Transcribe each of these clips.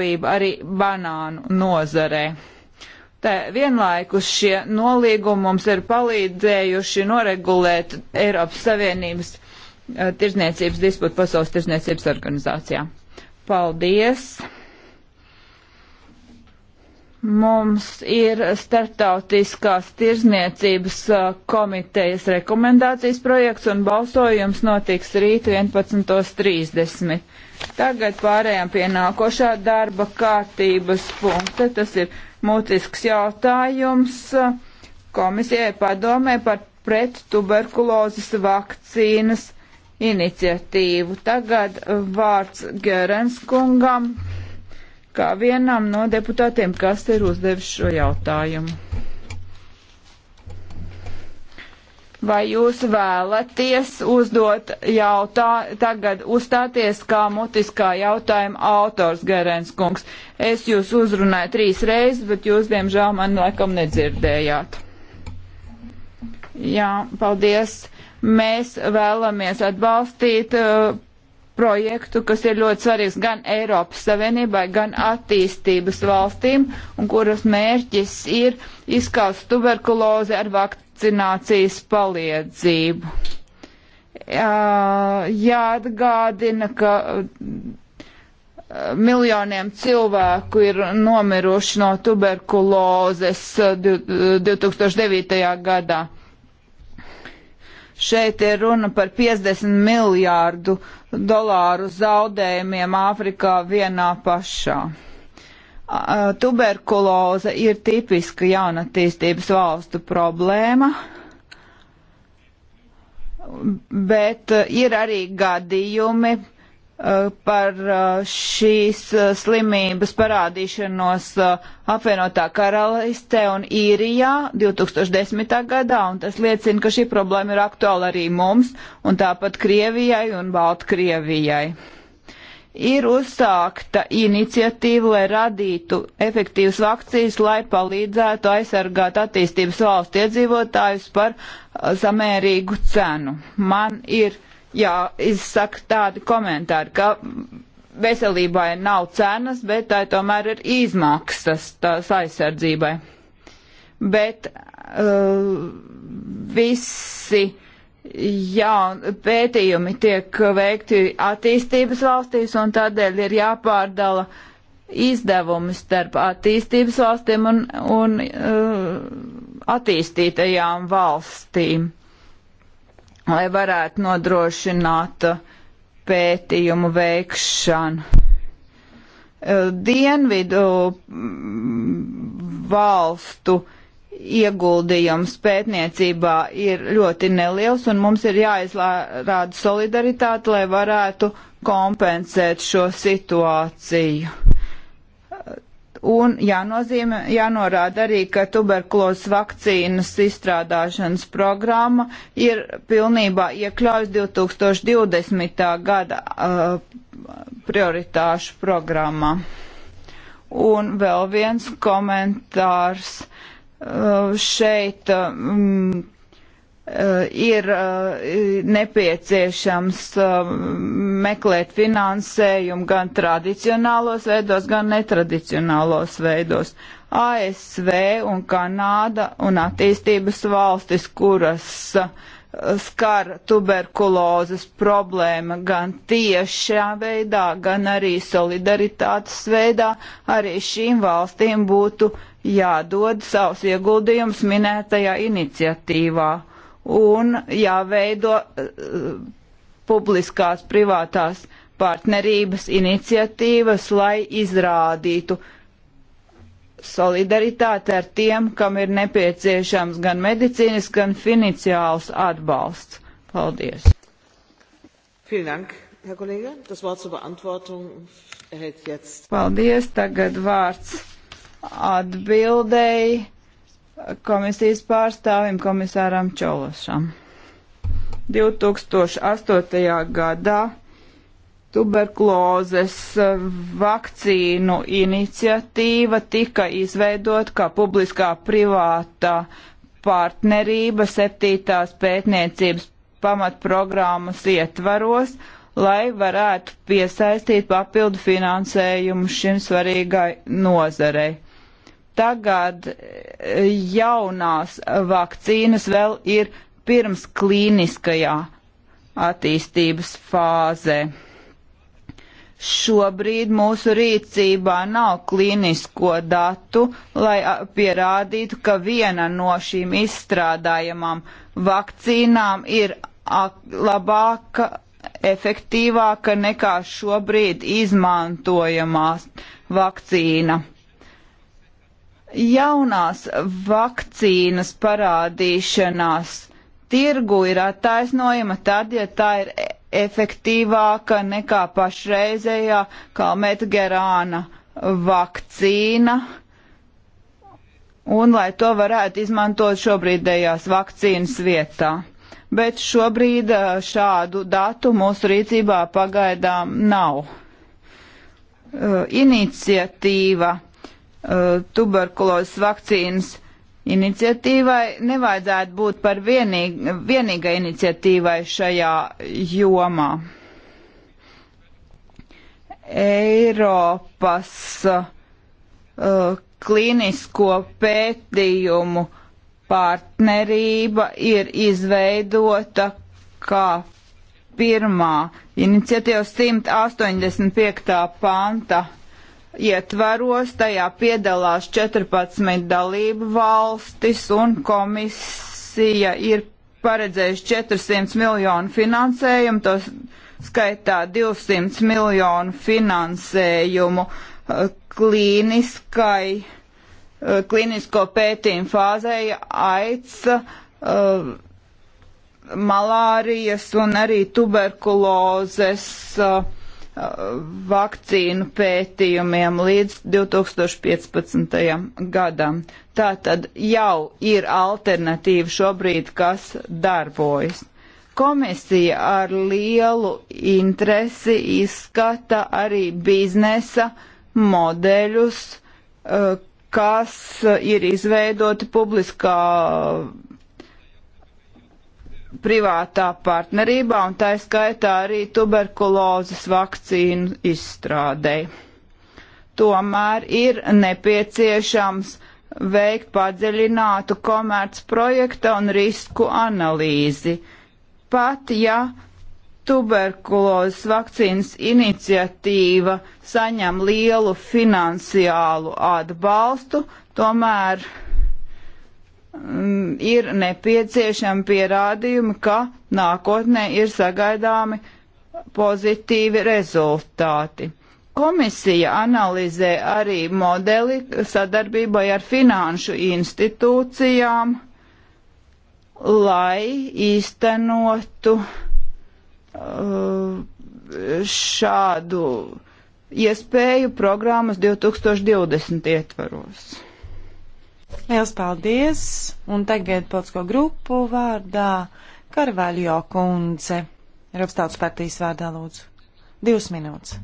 darbība arī banānu nozarē. Tā vienlaikus šie nolīgumi mums ir palīdzējuši noregulēt Eiropas Savienības uh, tirzniecības disputu pasaules tirzniecības organizācijā. Paldies! Mums ir starptautiskās tirzniecības komitejas rekomendācijas projekts un balsojums notiks rīt 11.30. Tagad pārējām pie nākošā darba kārtības punkta. Tas ir mūcisks jautājums komisijai padomē par pret tuberkulozes vakcīnas iniciatīvu. Tagad vārds Gerens kungam kā vienam no deputātiem, kas ir uzdevis šo jautājumu. Vai jūs vēlaties uzdot jautā, tagad uzstāties kā mutiskā jautājuma autors Gerens kungs? Es jūs uzrunāju trīs reizes, bet jūs, diemžēl, man laikam nedzirdējāt. Jā, paldies. Mēs vēlamies atbalstīt uh, projektu, kas ir ļoti svarīgs gan Eiropas Savienībai, gan attīstības valstīm, un kuras mērķis ir izskaust tuberkulozi ar vakcinācijas palīdzību. Jāatgādina, ka uh, miljoniem cilvēku ir nomiruši no tuberkulozes 2009. Uh, uh, gadā. Šeit ir runa par 50 miljārdu dolāru zaudējumiem Āfrikā vienā pašā. Tuberkuloze ir tipiska jaunatīstības valstu problēma, bet ir arī gadījumi, par uh, šīs uh, slimības parādīšanos uh, apvienotā karalistē un īrijā 2010. gadā, un tas liecina, ka šī problēma ir aktuāla arī mums, un tāpat Krievijai un Baltkrievijai. Ir uzsākta iniciatīva, lai radītu efektīvas vakcīnas, lai palīdzētu aizsargāt attīstības valstu iedzīvotājus par samērīgu cenu. Man ir uh, jāizsaka tādi komentāri, ka veselībai nav cenas, bet tai tomēr ir izmaksas tās aizsardzībai. Bet uh, visi jaun, pētījumi tiek veikti attīstības valstīs un tādēļ ir jāpārdala izdevumi starp attīstības valstīm un, un uh, attīstītajām valstīm lai varētu nodrošināt pētījumu veikšanu. Dienvidu mm, valstu ieguldījums pētniecībā ir ļoti neliels, un mums ir jāizrāda solidaritāte, lai varētu kompensēt šo situāciju Un jānozīmē, jānorāda arī, ka tuberkulozes vakcīnas izstrādāšanas programma ir pilnībā iekļaujas 2020. gada uh, prioritāšu programmā. Un vēl viens komentārs. Uh, šeit um, uh, ir uh, nepieciešams um, meklēt finansējumu gan tradicionālos veidos, gan netradicionālos veidos. ASV un Kanāda un attīstības valstis, kuras uh, skar tuberkulozes problēma gan tiešā veidā, gan arī solidaritātes veidā, arī šīm valstīm būtu jādod savus ieguldījumus minētajā iniciatīvā un jāveido uh, publiskās privātās partnerības iniciatīvas, lai izrādītu solidaritāti ar tiem, kam ir nepieciešams gan medicīnas, gan finansiāls atbalsts. Paldies! Paldies! Tagad vārds atbildēji komisijas pārstāvim komisāram Čološam. 2008. gadā tuberkulozes vakcīnu iniciatīva tika izveidot kā publiskā privātā partnerība septītās pētniecības pamatprogrammas ietvaros, lai varētu piesaistīt papildu finansējumu šim svarīgai nozarei. Tagad eh, jaunās vakcīnas vēl ir pirms klīniskajā attīstības fāzē. Šobrīd mūsu rīcībā nav klīnisko datu, lai pierādītu, ka viena no šīm izstrādājamām vakcīnām ir labāka, efektīvāka nekā šobrīd izmantojamās vakcīna. Jaunās vakcīnas parādīšanās tirgu ir attaisnojama tad, ja tā ir e- efektīvāka nekā pašreizējā kalmetgerāna vakcīna. Un lai to varētu izmantot šobrīdējās vakcīnas vietā. Bet šobrīd e, šādu datu mūsu rīcībā pagaidām nav. E, iniciatīva tuberkulozes vakcīnas iniciatīvai nevajadzētu būt par vienīg, vienīgai iniciatīvai šajā jomā. Eiropas uh, klīnisko pētījumu partnerība ir izveidota kā pirmā iniciatīva 185. panta ietvaros, tajā piedalās 14 dalību valstis un komisija ir paredzējuši 400 miljonu finansējumu, tos skaitā 200 miljonu finansējumu eh, klīniskai, eh, klīnisko pētījumu fāzei aica uh, eh, malārijas un arī tuberkulozes uh, vakcīnu pētījumiem līdz 2015. gadam. Tā tad jau ir alternatīva šobrīd, kas darbojas. Komisija ar lielu interesi izskata arī biznesa modeļus, eh, kas ir izveidoti publiskā privātā partnerībā, un tā skaitā arī tuberkulozes vakcīnu izstrādei. Tomēr ir nepieciešams veikt padziļinātu komerc projekta un risku analīzi. Pat ja tuberkulozes vakcīnas iniciatīva saņem lielu finansiālu atbalstu, tomēr uh, Mm, ir nepieciešami pierādījumi, ka nākotnē ir sagaidāmi pozitīvi rezultāti. Komisija analizē arī modeli sadarbībai ar finanšu institūcijām, lai īstenotu uh, šādu iespēju programmas 2020 ietvaros. Liels paldies! Un tagad politisko grupu vārdā Karvaļo kundze. Eiropas Tautas partijas vārdā lūdzu. Divas minūtes.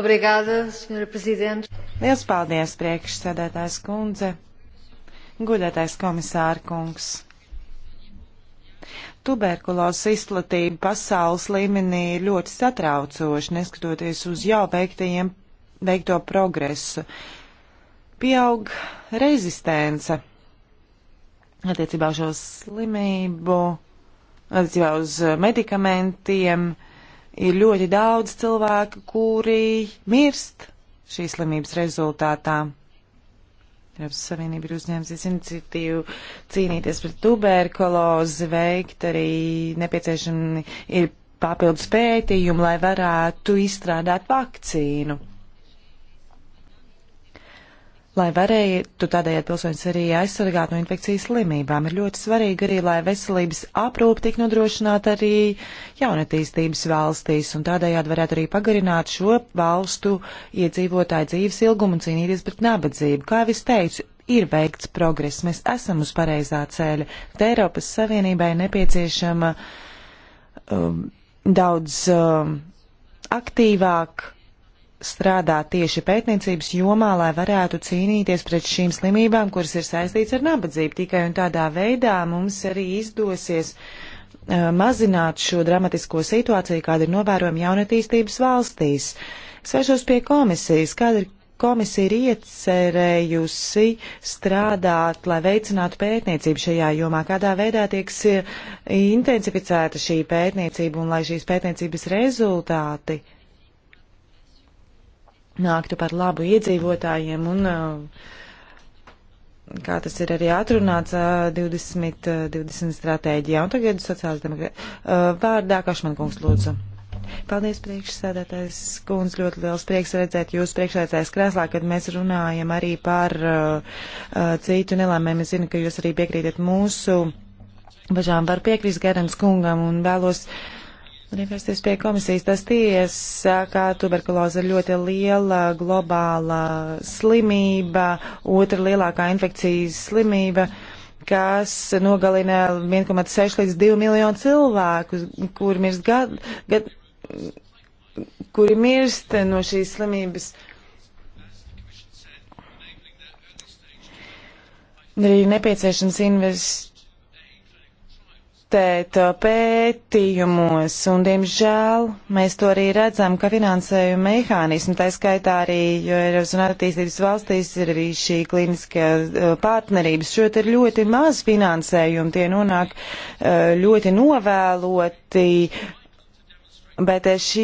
Obrigada, senhora Presidente. Liels paldies, priekšsēdētājs kundze, guļētais komisāra kungs. Tuberkulozes izplatība pasaules līmenī ir ļoti satraucoša, neskatoties uz jau veiktajiem veikto progresu. Pieaug rezistence attiecībā uz šo slimību, attiecībā uz medikamentiem. Ir ļoti daudz cilvēku, kuri mirst šīs slimības rezultātā. Eiropas Savienība ir uzņēmusies iniciatīvu cīnīties pret tuberkulozi, veikt arī nepieciešami ir papildus pētījumi, lai varētu izstrādāt vakcīnu lai varētu tādējādi pilsoņus arī aizsargāt no infekcijas slimībām. Ir ļoti svarīgi arī, lai veselības aprūpe tik nodrošināta arī jaunatīstības valstīs, un tādējādi varētu arī pagarināt šo valstu iedzīvotāju dzīves ilgumu un cīnīties pret nabadzību. Kā jau es teicu, ir veikts progress, mēs esam uz pareizā ceļa, bet Eiropas Savienībai nepieciešama um, daudz um, aktīvāk strādāt tieši pētniecības jomā, lai varētu cīnīties pret šīm slimībām, kuras ir saistīts ar nabadzību. Tikai un tādā veidā mums arī izdosies uh, mazināt šo dramatisko situāciju, kāda ir novērojama jaunatīstības valstīs. Svešos pie komisijas, kāda ir komisija ir iecerējusi strādāt, lai veicinātu pētniecību šajā jomā, kādā veidā tieks eh, intensificēta šī pētniecība un lai šīs pētniecības rezultāti nāktu par labu iedzīvotājiem un uh, kā tas ir arī atrunāts 20, uh, 20 uh, stratēģijā. Un tagad sociāldemokrāta uh, vārdā Kašman kungs lūdzu. Paldies, priekšsēdētājs kundz, ļoti liels prieks redzēt jūs priekšsēdētājs krēslā, kad mēs runājam arī par uh, citu nelēmēm. Es zinu, ka jūs arī piekrītat mūsu bažām. Var piekrist Gerens kungam un vēlos uh, Un ievērsties pie komisijas, tas tiesa, ka tuberkuloze ir ļoti liela globāla slimība, otra lielākā infekcijas slimība kas nogalina 1,6 līdz 2 miljonu cilvēku, kur mirst gad, gad, kuri mirst no šīs slimības. Arī nepieciešams investēt vērtēt uh, pētījumos, un, diemžēl, mēs to arī redzam, ka finansējuma mehānismi, tā skaitā arī, jo Eiropas un attīstības valstīs ir arī šī klīniskā uh, partnerības, šo ir ļoti maz finansējumu, tie nonāk uh, ļoti novēloti Bet eh, šī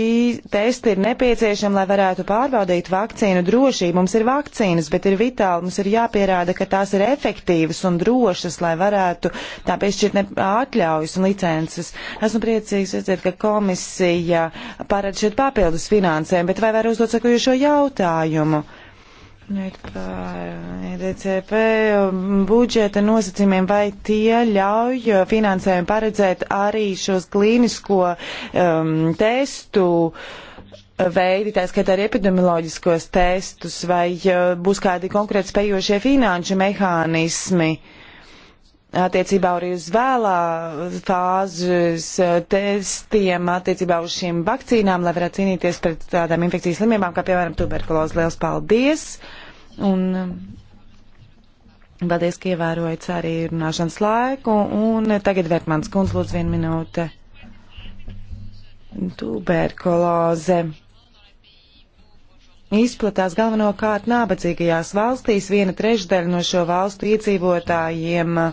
testa ir nepieciešama, lai varētu pārbaudīt vakcīnu drošību. Mums ir vakcīnas, bet ir vitāli, mums ir jāpierāda, ka tās ir efektīvas un drošas, lai varētu tā piešķirt atļaujas un licences. Esmu priecīgs redzēt, ka komisija paredz šeit papildus finansēm, bet vai var uzdot sakojušo jautājumu? Uh, Runājot par EDCP budžeta nosacījumiem, vai tie ļauj finansējumu paredzēt arī šos klīnisko um, testu veidi, tā skaitā arī epidemioloģiskos testus, vai uh, būs kādi konkrēti spējošie finanšu mehānismi? Uh, attiecībā arī uz vēlā fāzes eh, testiem, attiecībā uz šīm vakcīnām, lai varētu cīnīties pret tādām infekcijas slimībām, kā piemēram tuberkulozi. Liels paldies! Un eh, paldies, ka ievērojat arī runāšanas laiku. Un eh, tagad Vērtmans kundz, lūdzu, vienu minūte. Tuberkuloze izplatās galvenokārt nabadzīgajās valstīs. Viena trešdaļa no šo valstu iedzīvotājiem uh,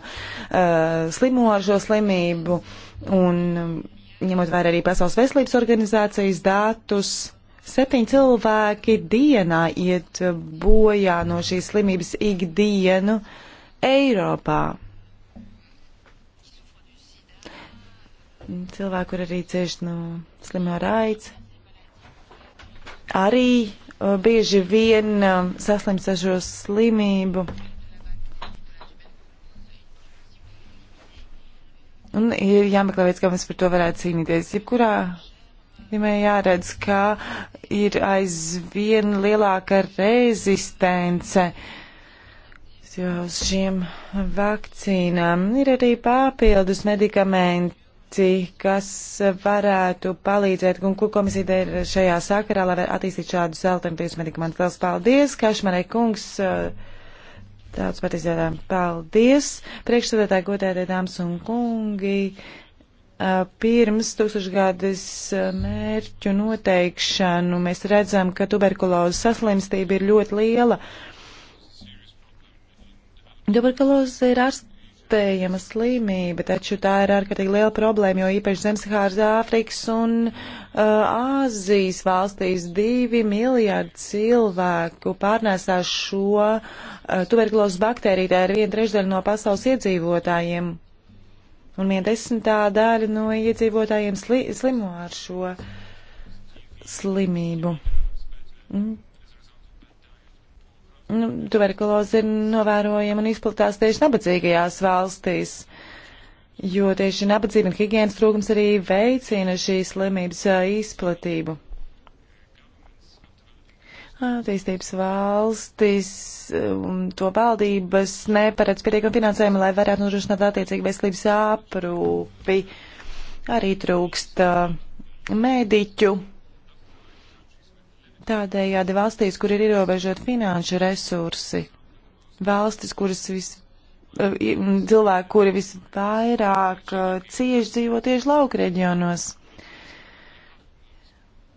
slimo ar šo slimību, un um, ņemot vērā arī Pasaules veselības organizācijas datus, septiņi cilvēki dienā iet bojā no šīs slimības ikdienu Eiropā. Cilvēku ir arī cieši no slimā raids. Arī Uh, bieži vien uh, saslimst ar šo slimību. Un ir jāmeklē veids, kā mēs par to varētu cīnīties. Jebkurā vienmēr ja jāredz, ka ir aizvien lielāka rezistence uz šiem vakcīnām. Ir arī papildus medikamenti projekti, kas varētu palīdzēt, un ko komisija ir šajā sakarā, lai attīstītu šādus alternatīvus medikamentus. Liels paldies, Kašmanai kungs, tāds patiesībā paldies, priekšstādātāji godētie dāmas un kungi. Pirms tūkstošgades mērķu noteikšanu mēs redzam, ka tuberkulozes saslimstība ir ļoti liela. Tuberkuloze ir ārsts ārstējama slimība, taču tā ir ārkārtīgi liela problēma, jo īpaši Zemsahāras Āfrikas un uh, Āzijas valstīs divi miljārdi cilvēku pārnēsās šo uh, tuberkulozes baktēriju, tā ir viena trešdaļa no pasaules iedzīvotājiem. Un viena desmitā daļa no iedzīvotājiem sli slimo ar šo slimību. Mm nu, tuberkuloze ir novērojama un izplatās tieši nabadzīgajās valstīs. Jo tieši nabadzība un higiēnas trūkums arī veicina šīs slimības izplatību. Attīstības valstis un to valdības neparedz pietiekam finansējumu, lai varētu nodrošināt attiecīgi veselības aprūpi. Arī trūkst mediķu Tādējādi valstīs, kur ir ierobežot finanšu resursi, valstis, kuras vis, eh, cilvēki, kuri visvairāk eh, cieši dzīvo tieši lauka reģionos.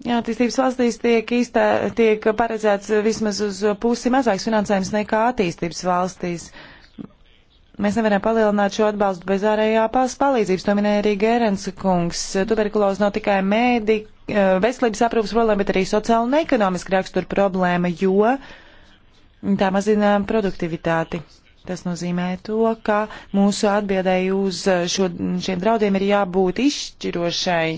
Jā, attīstības valstīs tiek, īstā, tiek paredzēts vismaz uz pusi mazāks finansējums nekā attīstības valstīs. Uh, Mēs nevaram palielināt šo atbalstu bez ārējā palīdzības. To minēja arī Gērens kungs. Tuberkuloze nav tikai mēdī, eh, veselības aprūpas problēma, bet arī sociāla un ekonomiska rakstura problēma, jo tā mazina produktivitāti. Tas nozīmē to, ka mūsu atbildēji uz šo, šiem draudiem ir jābūt izšķirošai,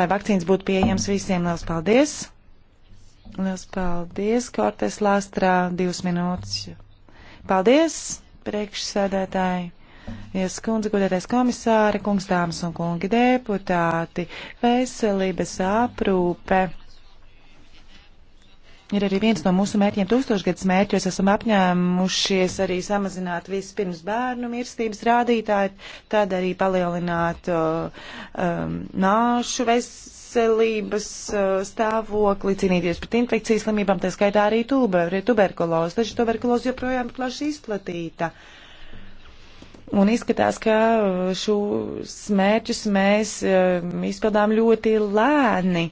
lai vakcīnas būtu pieejams visiem. Lielas paldies! Lielas paldies, Kortes Lāstrā, divas minūtes. Paldies! priekšsēdētāji. Ies kundze, godētais komisāri, kungs, dāmas un kungi deputāti, veselības aprūpe. Ir arī viens no mūsu mērķiem tūkstošgadus mērķos esam apņēmušies arī samazināt vispirms bērnu mirstības rādītāju, tad arī palielināt uh, um, nāšu ves veselības eh, stāvokli, cīnīties pret infekcijas slimībām, tā skaitā arī tuber, tuberkulozi, taču tuberkulozi joprojām ir plaši izplatīta. Un izskatās, ka eh, šos mērķus mēs eh, izpildām ļoti lēni.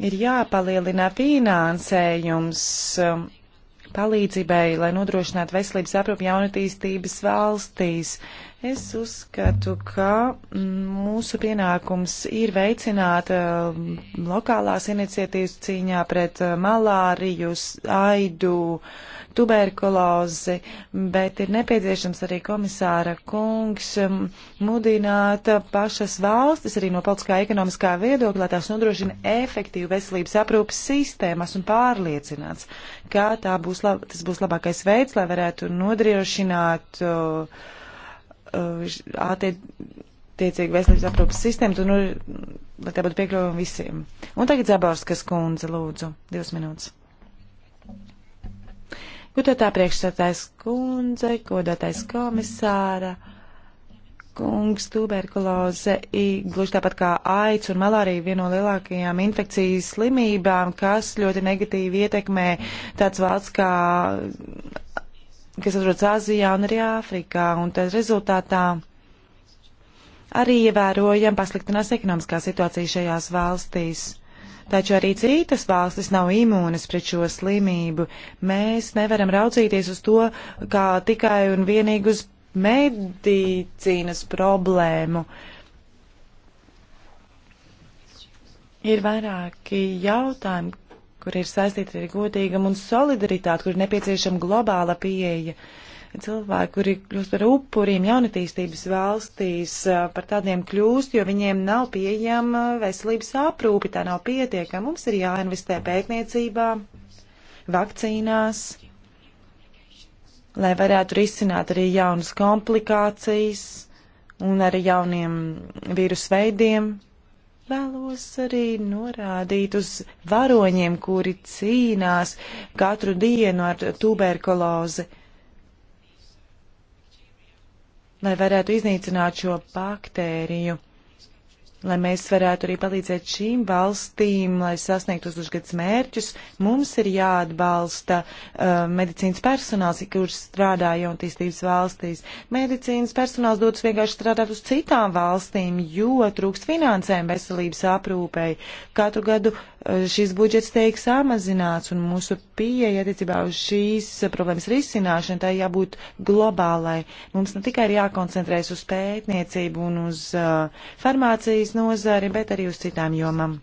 Ir jāpalielina finansējums palīdzībai, lai nodrošinātu veselības aprūpu jaunatīstības valstīs. Es uzskatu, ka mm, mūsu pienākums ir veicināt uh, lokālās iniciatīvas cīņā pret mm, malāriju, aidu, tuberkulozi, bet ir nepieciešams arī komisāra kungs um, mudināt pašas valstis arī no politiskā ekonomiskā viedokļa, lai tās nodrošina efektīvu veselības aprūpas sistēmu. Esmu pārliecināts, ka tā būs lab, tas būs labākais veids, lai varētu nodrošināt uh, uh, attiecības attiecīgi veselības aprūpas sistēmu, tad, nu, lai tā būtu piekļuvama visiem. Un tagad Zaborskas kundze, lūdzu, divas minūtes. Gudotā priekšsētājs kundze, godātais komisāra, kungs, tuberkuloze, gluži tāpat kā aids un malārija viena no lielākajām infekcijas slimībām, kas ļoti negatīvi ietekmē tāds valsts kā kas atrodas Āzijā un arī Āfrikā, un tad rezultātā arī ievērojam pasliktinās ekonomiskā situācija šajās valstīs taču arī citas valstis nav imūnas pret šo slimību. Mēs nevaram raudzīties uz to kā tikai un vienīgi uz medicīnas problēmu. Ir vairāki jautājumi, kur ir saistīti ar godīgumu un solidaritāti, kur ir nepieciešama globāla pieeja. Uh, cilvēki, kuri kļūst par upuriem jaunatīstības valstīs, par tādiem kļūst, jo viņiem nav pieejama veselības aprūpi, tā nav pietiekama. Mums ir jāinvestē pētniecībā, vakcīnās, lai varētu risināt arī jaunas komplikācijas un arī jauniem vīrusu veidiem. Vēlos arī norādīt uz varoņiem, kuri cīnās katru dienu ar tuberkulozi lai varētu iznīcināt šo baktēriju, lai mēs varētu arī palīdzēt šīm valstīm, lai sasniegtu uzgads mērķus, mums ir jāatbalsta uh, medicīnas personāls, kurš strādā jaunatīstības valstīs. Medicīnas personāls dodas vienkārši strādāt uz citām valstīm, jo trūkst finansēm veselības aprūpei. Katru gadu Eh, šis budžets tiek samazināts un mūsu pieeja attiecībā uz šīs problēmas risināšanu, tai jābūt globālai. Mums ne tikai ir jākoncentrēs uz pētniecību un uz uh, farmācijas nozari, bet arī uz citām jomām.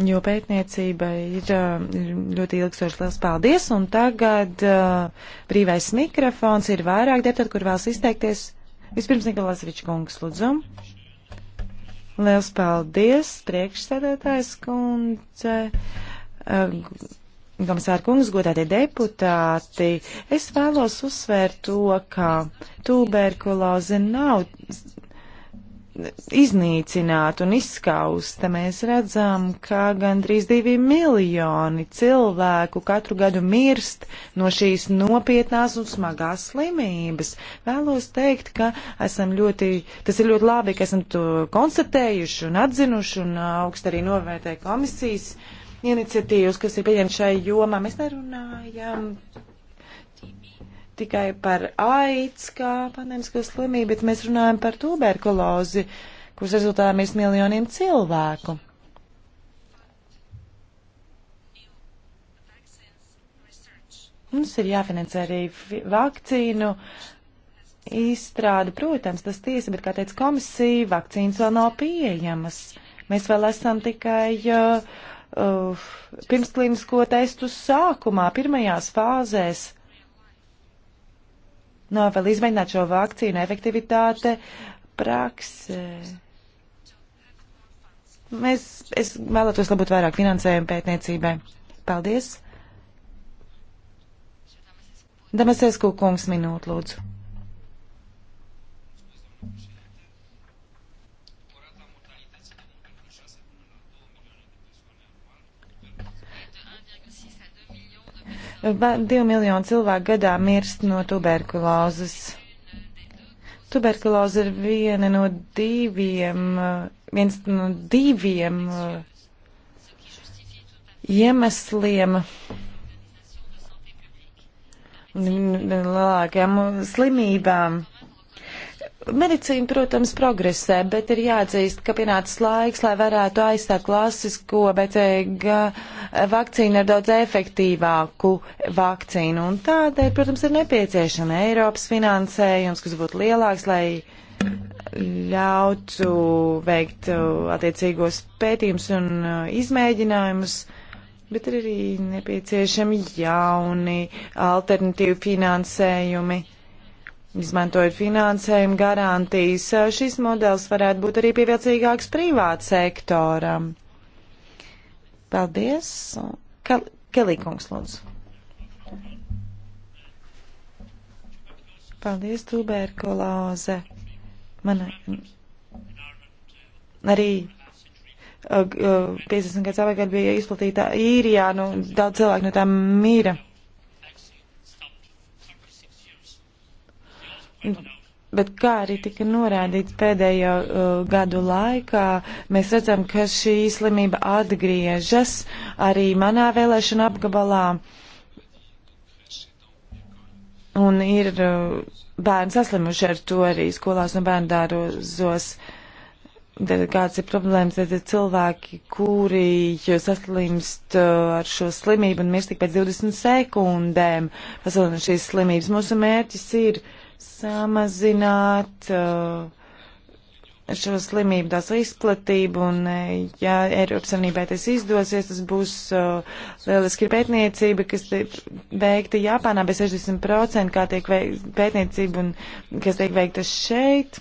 Jo pētniecība ir, eh, ir ļoti ilgstoši liels paldies, un tagad uh, brīvais mikrofons ir vairāk deputāti, kur vēlas izteikties. Vispirms Nikolās Ričkungs, lūdzu. Liels paldies, priekšsēdētājs kundze, komisāra kungs, godātie deputāti. Es vēlos uzsvērt to, ka tuberkuloze nav iznīcināta un izskausta. Mēs redzam, ka gandrīz divi miljoni cilvēku katru gadu mirst no šīs nopietnās un smagās slimības. Vēlos teikt, ka esam ļoti, tas ir ļoti labi, ka esam to konstatējuši un atzinuši un uh, augst arī novērtē komisijas iniciatīvas, kas ir pieņemts šai jomā. Mēs nerunājam tikai par aids kā pandēmisko slimību, bet mēs runājam par tuberkulozi, kuras rezultātā mirst miljoniem cilvēku. Mums ir jāfinansē arī vakcīnu izstrāde. Protams, tas tiesa, bet, kā teica komisija, vakcīnas vēl nav pieejamas. Mēs vēl esam tikai uh, uh, pirmsklīnisko testu sākumā, pirmajās fāzēs nav nu, vēl izmēģināt šo vakcīnu efektivitāte praksē. Mēs, es vēlētos labūt vairāk finansējumu pētniecībai. Paldies! Damasēs Kūkungs minūte, lūdzu. Divi miljoni cilvēku gadā mirst no tuberkulozes. Tuberkuloze ir viena no diviem, eh, viens no diviem eh, iemesliem lielākajām slimībām Medicīna, protams, progresē, bet ir jāatzīst, ka pienācis laiks, lai varētu aizstāt klasisko BCG vakcīnu ar daudz efektīvāku vakcīnu. Un tādēļ, protams, ir nepieciešama Eiropas finansējums, kas būtu lielāks, lai ļautu veikt uh, attiecīgos pētījumus un uh, izmēģinājumus, bet ir arī nepieciešami jauni alternatīvi finansējumi izmantojot finansējumu garantijas. Šis modelis varētu būt arī pievilcīgāks privāt sektoram. Paldies. Kel Kelīkungs, lūdzu. Paldies, tuberkulāze. Man arī 50 uh, uh, gadus atpakaļ bija izplatīta īrijā, nu daudz cilvēku no tām mīra. Bet kā arī tika norādīts pēdējo uh, gadu laikā, mēs redzam, ka šī slimība atgriežas arī manā vēlēšana apgabalā. Un ir uh, bērni saslimuši ar to arī skolās un bērndārozos. Tad kāds ir problēmas, tad ir cilvēki, kuri saslimst uh, ar šo slimību un mirst tik pēc 20 sekundēm. Pasaulē šīs slimības mūsu mērķis ir. Uh, samazināt uh, šo slimību, tās izplatību, un uh, ja Eiropas Savienībai tas izdosies, tas būs uh, lieliski pētniecība, kas tiek veikta Japānā, bet 60% kā tiek veikta pētniecība, un kas tiek veikta šeit.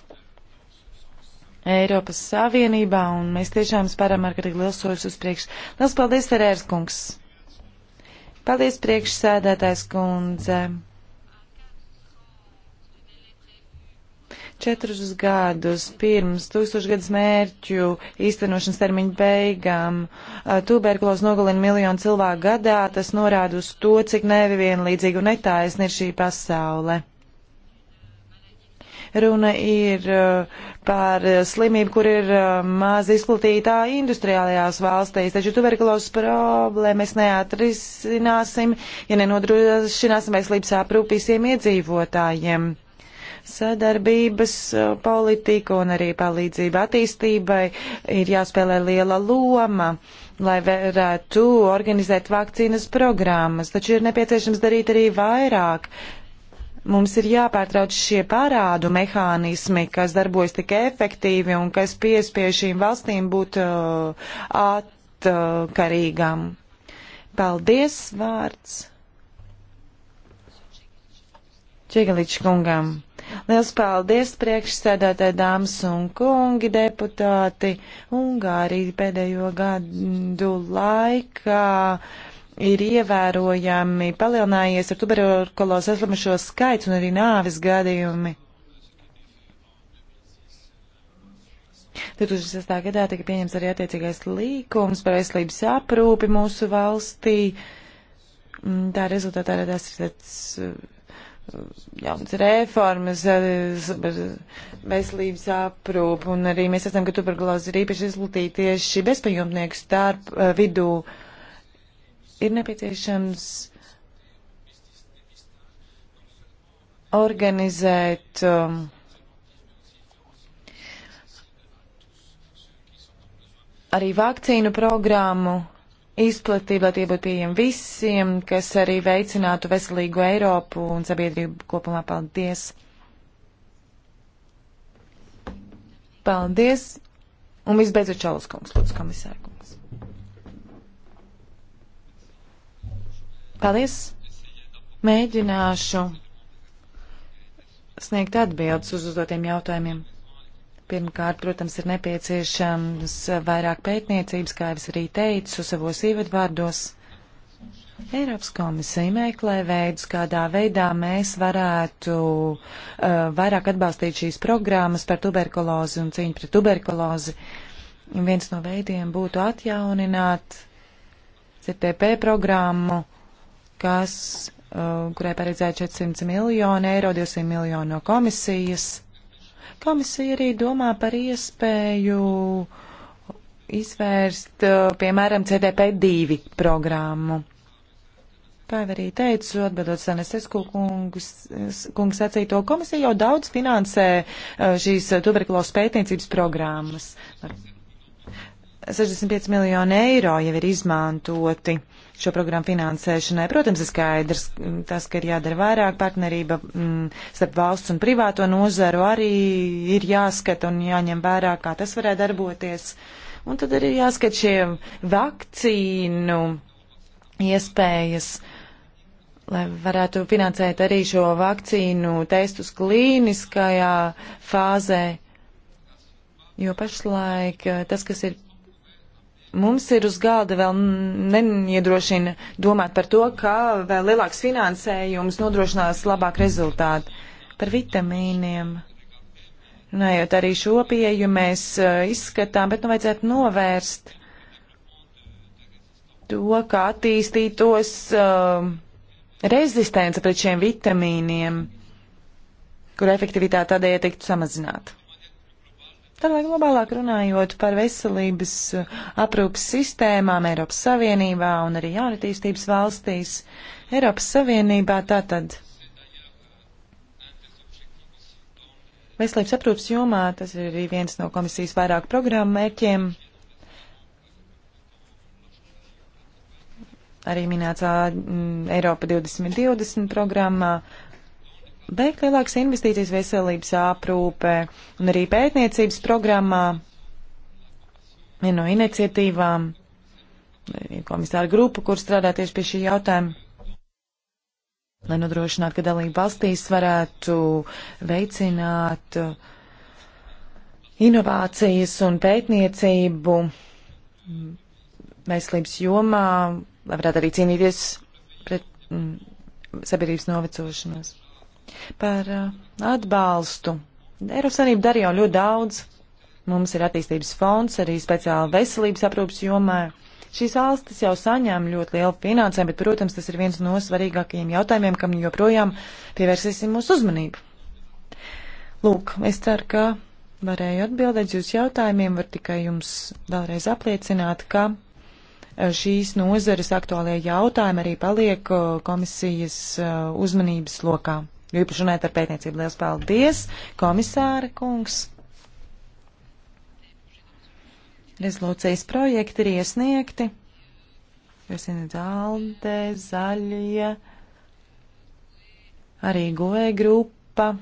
Eiropas Savienībā, un mēs tiešām spēram ar arī liels soļus uz priekšu. Liels paldies, Ferērs kungs! Paldies, priekšsēdētājs kundze! Četrus gadus pirms tūkstošgadus mērķu īstenošanas termiņa beigām tuberkulos nogalina miljonu cilvēku gadā, tas norāda uz to, cik nevienlīdzīga un netaisna ir šī pasaule. Runa ir par slimību, kur ir maz izplatītā industriālajās valstīs, taču tuberkulos problēmas neatrisināsim, ja nenodrošināsim veselības aprūpīsiem iedzīvotājiem sadarbības uh, politika un arī palīdzība attīstībai ir jāspēlē liela loma lai varētu organizēt vakcīnas programmas, taču ir nepieciešams darīt arī vairāk. Mums ir jāpārtrauc šie parādu mehānismi, kas darbojas tik efektīvi un kas piespiež šīm valstīm būt uh, atkarīgām. Paldies, vārds! Čigaličs kungam. Liels paldies priekšsēdētāji dāmas un kungi deputāti. Ungārija pēdējo gadu laikā ir ievērojami palielinājies ar tuberkulos saslimušo skaits un arī nāvis gadījumi. 2006. gadā tika pieņems arī attiecīgais līkums par veselības aprūpi mūsu valstī. Mm, tā rezultātā radās tāds jaunas reformas, veselības aprūpu, un arī mēs esam, ka tuberkulozi ir īpaši izplatīta tieši bezpajumtnieku starp eh, vidū. Ir nepieciešams organizēt um, arī vakcīnu programmu izplatība, lai tie būtu pieejami visiem, kas arī veicinātu veselīgu Eiropu un sabiedrību kopumā. Paldies! Paldies! Un visbeidzot Čalus kungs, lūdzu, komisāra kungs. Paldies! Mēģināšu sniegt atbildes uz uzdotiem jautājumiem. Pirmkārt, protams, ir nepieciešams vairāk pētniecības, kā es arī teicu savos ievadvārdos. Eiropas komisija meklē veidus, kādā veidā mēs varētu uh, vairāk atbalstīt šīs programmas par tuberkulozi un cīņu pret tuberkulozi. Un viens no veidiem būtu atjaunināt CTP programmu, kas, uh, kurai paredzēja 400 miljonu eiro, 200 miljonu no komisijas Komisija arī domā par iespēju izvērst, eh, piemēram, CDP2 programmu. Kā jau arī teicu, atbildot Sanesesku kungs, kungs sacīto, komisija jau daudz finansē eh, šīs tuberkulos pētniecības programmas. 65 miljoni eiro jau ir izmantoti šo programmu finansēšanai. Protams, ir skaidrs, mm, tas, ka ir jādara vairāk partnerība m, mm, starp valsts un privāto nozaru arī ir jāskata un jāņem vērā, kā tas varētu darboties. Un tad arī jāskat šie vakcīnu iespējas, lai varētu finansēt arī šo vakcīnu testus klīniskajā fāzē. Jo pašlaik eh, tas, kas ir mums ir uz galda vēl neniedrošina domāt par to, ka vēl lielāks finansējums nodrošinās labāk rezultātu. Par vitamīniem. Runājot arī šo pieju mēs eh, izskatām, bet nu vajadzētu novērst to, kā attīstītos uh, rezistence pret šiem vitamīniem, kur efektivitāte tādēļ tiktu samazināta. Tālāk globālāk runājot par veselības eh, aprūpas sistēmām Eiropas Savienībā un arī jaunatīstības valstīs. Eiropas Savienībā tātad veselības aprūpas jomā tas ir arī viens no komisijas vairāk programmu mērķiem. Arī minēts mm, Eiropa 2020 programmā veikt lielākas investīcijas veselības aprūpē un arī pētniecības programmā. Viena no iniciatīvām ir komisāra grupa, kur strādā tieši pie šī jautājuma. Lai nodrošinātu, ka dalība valstīs varētu veicināt uh, inovācijas un pētniecību veselības jomā, lai varētu arī cīnīties pret mm, sabiedrības novecošanos. Par uh, atbalstu. Eiropas Savienība darīja jau ļoti daudz. Mums ir attīstības fonds arī speciāli veselības aprūpas jomā. Šīs valstis jau saņēma ļoti lielu finansēm, bet, protams, tas ir viens no svarīgākajiem jautājumiem, kam joprojām pievērsīsim mūsu uzmanību. Lūk, es ceru, ka varēju atbildēt jūsu jautājumiem, var tikai jums vēlreiz apliecināt, ka uh, šīs nozares aktuālajie jautājumi arī paliek uh, komisijas uzmanības lokā jo īpaši runājot par pētniecību. Lielas paldies, komisāra kungs! Rezolūcijas projekti ir iesniegti. Jūs zināt, Alde, Zaļie, arī Goe grupa.